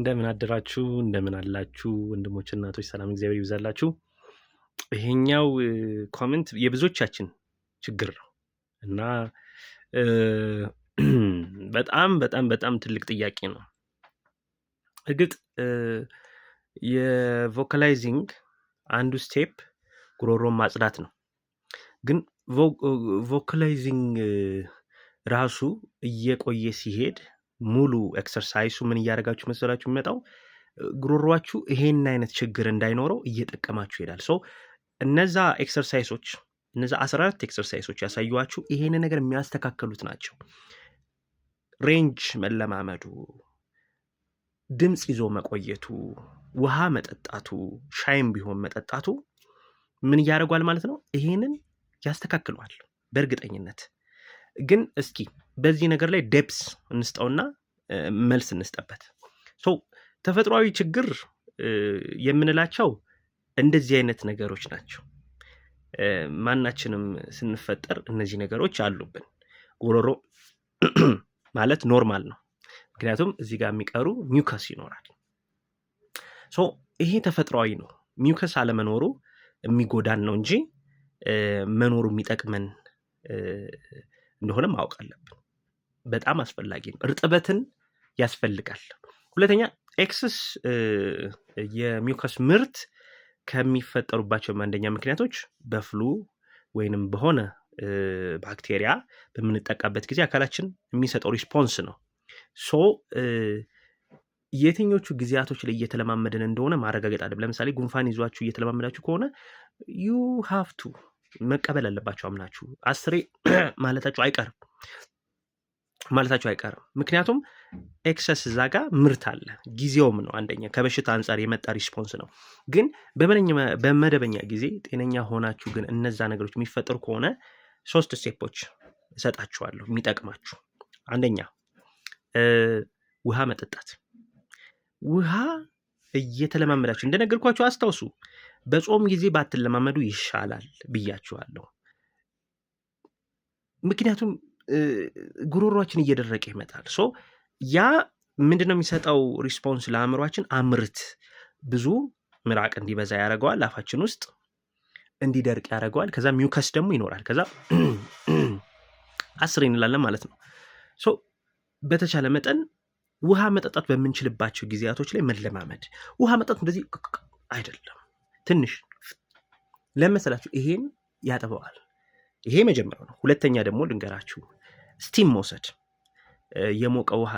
እንደምን አደራችሁ፣ እንደምን አላችሁ ወንድሞች፣ እናቶች፣ ሰላም እግዚአብሔር ይብዛላችሁ። ይሄኛው ኮሜንት የብዙዎቻችን ችግር ነው እና በጣም በጣም በጣም ትልቅ ጥያቄ ነው። እግጥ የቮካላይዚንግ አንዱ ስቴፕ ጉሮሮን ማጽዳት ነው። ግን ቮካላይዚንግ ራሱ እየቆየ ሲሄድ ሙሉ ኤክሰርሳይሱ ምን እያደረጋችሁ መሰላችሁ የሚመጣው ጉሮሯችሁ ይሄን አይነት ችግር እንዳይኖረው እየጠቀማችሁ ይሄዳል። ሶ እነዛ ኤክሰርሳይሶች እነዛ 14 ኤክሰርሳይሶች ያሳዩዋችሁ ይሄን ነገር የሚያስተካከሉት ናቸው። ሬንጅ መለማመዱ፣ ድምፅ ይዞ መቆየቱ፣ ውሃ መጠጣቱ፣ ሻይም ቢሆን መጠጣቱ ምን እያደረጓል ማለት ነው? ይሄንን ያስተካክለዋል በእርግጠኝነት ግን እስኪ በዚህ ነገር ላይ ዴፕስ እንስጠውና መልስ እንስጠበት። ተፈጥሯዊ ችግር የምንላቸው እንደዚህ አይነት ነገሮች ናቸው። ማናችንም ስንፈጠር እነዚህ ነገሮች አሉብን። ጉሮሮ ማለት ኖርማል ነው፣ ምክንያቱም እዚህ ጋር የሚቀሩ ሚውከስ ይኖራል። ሶ ይሄ ተፈጥሯዊ ነው። ሚውከስ አለመኖሩ የሚጎዳን ነው እንጂ መኖሩ የሚጠቅመን እንደሆነ ማወቅ አለብን። በጣም አስፈላጊ ነው። እርጥበትን ያስፈልጋል። ሁለተኛ ኤክስስ የሚውከስ ምርት ከሚፈጠሩባቸው አንደኛ ምክንያቶች በፍሉ ወይንም በሆነ ባክቴሪያ በምንጠቃበት ጊዜ አካላችን የሚሰጠው ሪስፖንስ ነው። ሶ የትኞቹ ጊዜያቶች ላይ እየተለማመድን እንደሆነ ማረጋገጥ አለብን። ለምሳሌ ጉንፋን ይዟችሁ እየተለማመዳችሁ ከሆነ ዩ ሀፍቱ መቀበል አለባቸው አምናችሁ አስሬ ማለታችሁ አይቀርም። ማለታቸው አይቀርም። ምክንያቱም ኤክሰስ እዛ ጋ ምርት አለ፣ ጊዜውም ነው አንደኛ ከበሽታ አንጻር የመጣ ሪስፖንስ ነው። ግን በመደበኛ ጊዜ ጤነኛ ሆናችሁ ግን እነዛ ነገሮች የሚፈጠሩ ከሆነ ሶስት ሴፖች እሰጣችኋለሁ የሚጠቅማችሁ። አንደኛ ውሃ መጠጣት። ውሃ እየተለማመዳችሁ እንደነገርኳቸው አስታውሱ። በጾም ጊዜ ባትለማመዱ ይሻላል ብያችኋለሁ። ምክንያቱም ጉሮሯችን እየደረቀ ይመጣል። ሶ ያ ምንድነው የሚሰጠው ሪስፖንስ ለአእምሯችን? አምርት ብዙ ምራቅ እንዲበዛ ያደረገዋል አፋችን ውስጥ እንዲደርቅ ያደረገዋል ከዛ ሚውከስ ደግሞ ይኖራል። ከዛ አስር እንላለን ማለት ነው። ሶ በተቻለ መጠን ውሃ መጠጣት በምንችልባቸው ጊዜያቶች ላይ መለማመድ። ውሃ መጠጣት እንደዚህ አይደለም፣ ትንሽ ለመሰላችሁ ይሄን ያጥበዋል። ይሄ መጀመሪያው ነው። ሁለተኛ ደግሞ ልንገራችሁ ስቲም መውሰድ የሞቀ ውሃ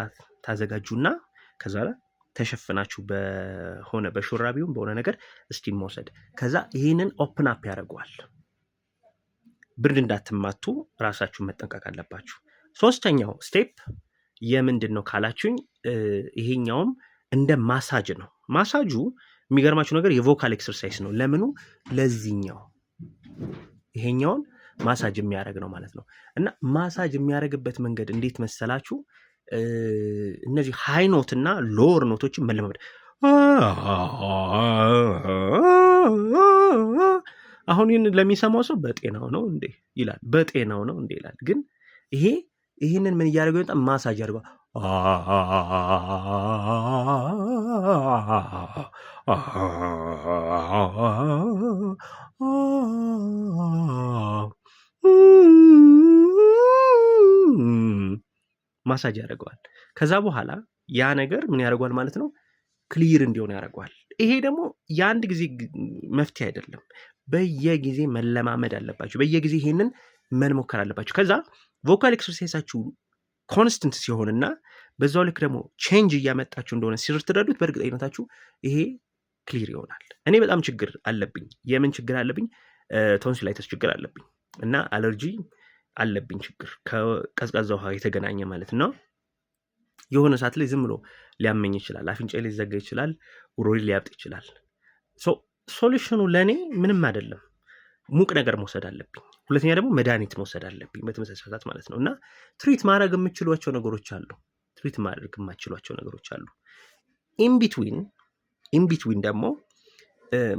ታዘጋጁና ከዛ ተሸፍናችሁ በሆነ በሹራቢውም በሆነ ነገር ስቲም መውሰድ ከዛ ይህንን ኦፕን አፕ ያደርገዋል። ብርድ እንዳትማቱ ራሳችሁን መጠንቀቅ አለባችሁ። ሶስተኛው ስቴፕ የምንድን ነው ካላችሁኝ፣ ይሄኛውም እንደ ማሳጅ ነው። ማሳጁ የሚገርማችሁ ነገር የቮካል ኤክሰርሳይዝ ነው። ለምኑ ለዚህኛው ይሄኛውን ማሳጅ የሚያደረግ ነው ማለት ነው። እና ማሳጅ የሚያደረግበት መንገድ እንዴት መሰላችሁ? እነዚህ ሃይ ኖት እና ሎወር ኖቶችን መለማመድ። አሁን ይህን ለሚሰማው ሰው በጤናው ነው እንዴ ይላል፣ በጤናው ነው እንዴ ይላል። ግን ይሄ ይህንን ምን እያደረገው በጣም ማሳጅ አድርገ ማሳጅ ያደርገዋል። ከዛ በኋላ ያ ነገር ምን ያደርገዋል ማለት ነው ክሊር እንዲሆን ያደርገዋል። ይሄ ደግሞ የአንድ ጊዜ መፍትሄ አይደለም። በየጊዜ መለማመድ አለባችሁ። በየጊዜ ይሄንን መንሞከር አለባችሁ። ከዛ ቮካል ኤክሰርሳይሳችሁ ኮንስተንት ሲሆንና በዛው ልክ ደግሞ ቼንጅ እያመጣችሁ እንደሆነ ስትረዱት በእርግጠኝነታችሁ ይሄ ክሊር ይሆናል። እኔ በጣም ችግር አለብኝ። የምን ችግር አለብኝ? ቶንሲላይተስ ችግር አለብኝ። እና አለርጂ አለብኝ ችግር ከቀዝቃዛ ውሃ የተገናኘ ማለት ነው። የሆነ ሰዓት ላይ ዝም ብሎ ሊያመኝ ይችላል። አፍንጫ ሊዘጋ ይችላል። ውሮሪ ሊያብጥ ይችላል። ሶሉሽኑ ለእኔ ምንም አይደለም። ሙቅ ነገር መውሰድ አለብኝ። ሁለተኛ ደግሞ መድኃኒት መውሰድ አለብኝ በተመሳሳይ ሰዓት ማለት ነው እና ትሪት ማድረግ የምችሏቸው ነገሮች አሉ። ትሪት ማድረግ የማችሏቸው ነገሮች አሉ። ኢንቢትዊን ኢንቢትዊን ደግሞ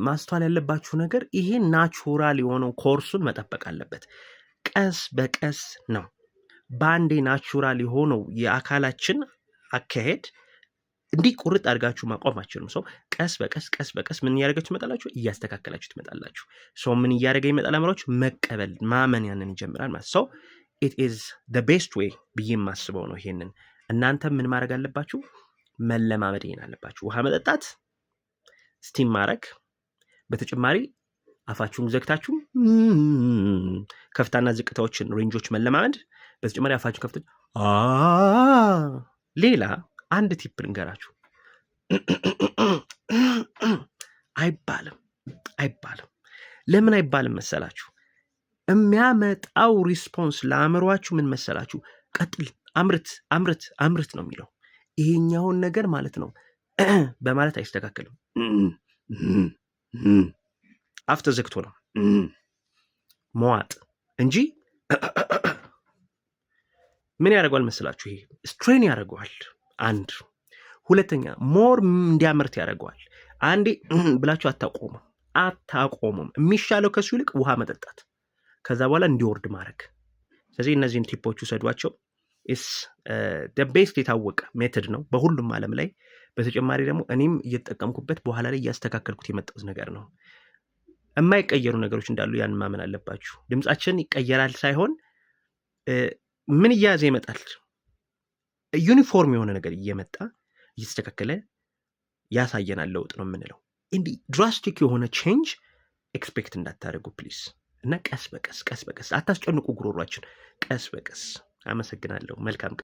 ማስተዋል ያለባችሁ ነገር ይሄ ናቹራል የሆነው ኮርሱን መጠበቅ አለበት። ቀስ በቀስ ነው። በአንዴ ናቹራል የሆነው የአካላችን አካሄድ እንዲህ ቁርጥ አድርጋችሁ ማቆም አችሉም። ሰው ቀስ በቀስ ቀስ በቀስ ምን እያደረጋችሁ ትመጣላችሁ? እያስተካከላችሁ ትመጣላችሁ። ሰው ምን እያደረገ ይመጣል? አምራችሁ መቀበል ማመን ያንን ይጀምራል ማለት ሰው ኢት ኢዝ ቤስት ዌይ ብዬ የማስበው ነው። ይሄንን እናንተ ምን ማድረግ አለባችሁ? መለማመድ ይሄን አለባችሁ። ውሃ መጠጣት፣ ስቲም ማድረግ በተጨማሪ አፋችሁን ዘግታችሁ ከፍታና ዝቅታዎችን ሬንጆች መለማመድ። በተጨማሪ አፋችሁ ከፍት ሌላ አንድ ቲፕ ንገራችሁ አይባልም አይባልም። ለምን አይባልም መሰላችሁ? የሚያመጣው ሪስፖንስ ለአእምሯችሁ ምን መሰላችሁ? ቀጥል፣ አምርት፣ አምርት፣ አምርት ነው የሚለው። ይሄኛውን ነገር ማለት ነው በማለት አይስተካከልም። አፍ ተዘግቶ ነው መዋጥ እንጂ ምን ያደርገዋል መስላችሁ? ይሄ ስትሬን ያደርገዋል። አንድ ሁለተኛ ሞር እንዲያመርት ያደርገዋል። አንዴ ብላችሁ አታቆሙም አታቆሙም። የሚሻለው ከሱ ይልቅ ውሃ መጠጣት፣ ከዛ በኋላ እንዲወርድ ማድረግ። ስለዚህ እነዚህን ቲፖች ውሰዷቸው። ኢስ ቤስት የታወቀ ሜትድ ነው በሁሉም ዓለም ላይ በተጨማሪ ደግሞ እኔም እየተጠቀምኩበት በኋላ ላይ እያስተካከልኩት የመጣት ነገር ነው። የማይቀየሩ ነገሮች እንዳሉ ያን ማመን አለባችሁ። ድምፃችን ይቀየራል ሳይሆን ምን እያያዘ ይመጣል። ዩኒፎርም የሆነ ነገር እየመጣ እየተስተካከለ ያሳየናል ለውጥ ነው የምንለው። እንዲ ድራስቲክ የሆነ ቼንጅ ኤክስፔክት እንዳታደርጉ ፕሊስ እና ቀስ በቀስ ቀስ በቀስ አታስጨንቁ ጉሮሯችን። ቀስ በቀስ አመሰግናለሁ። መልካም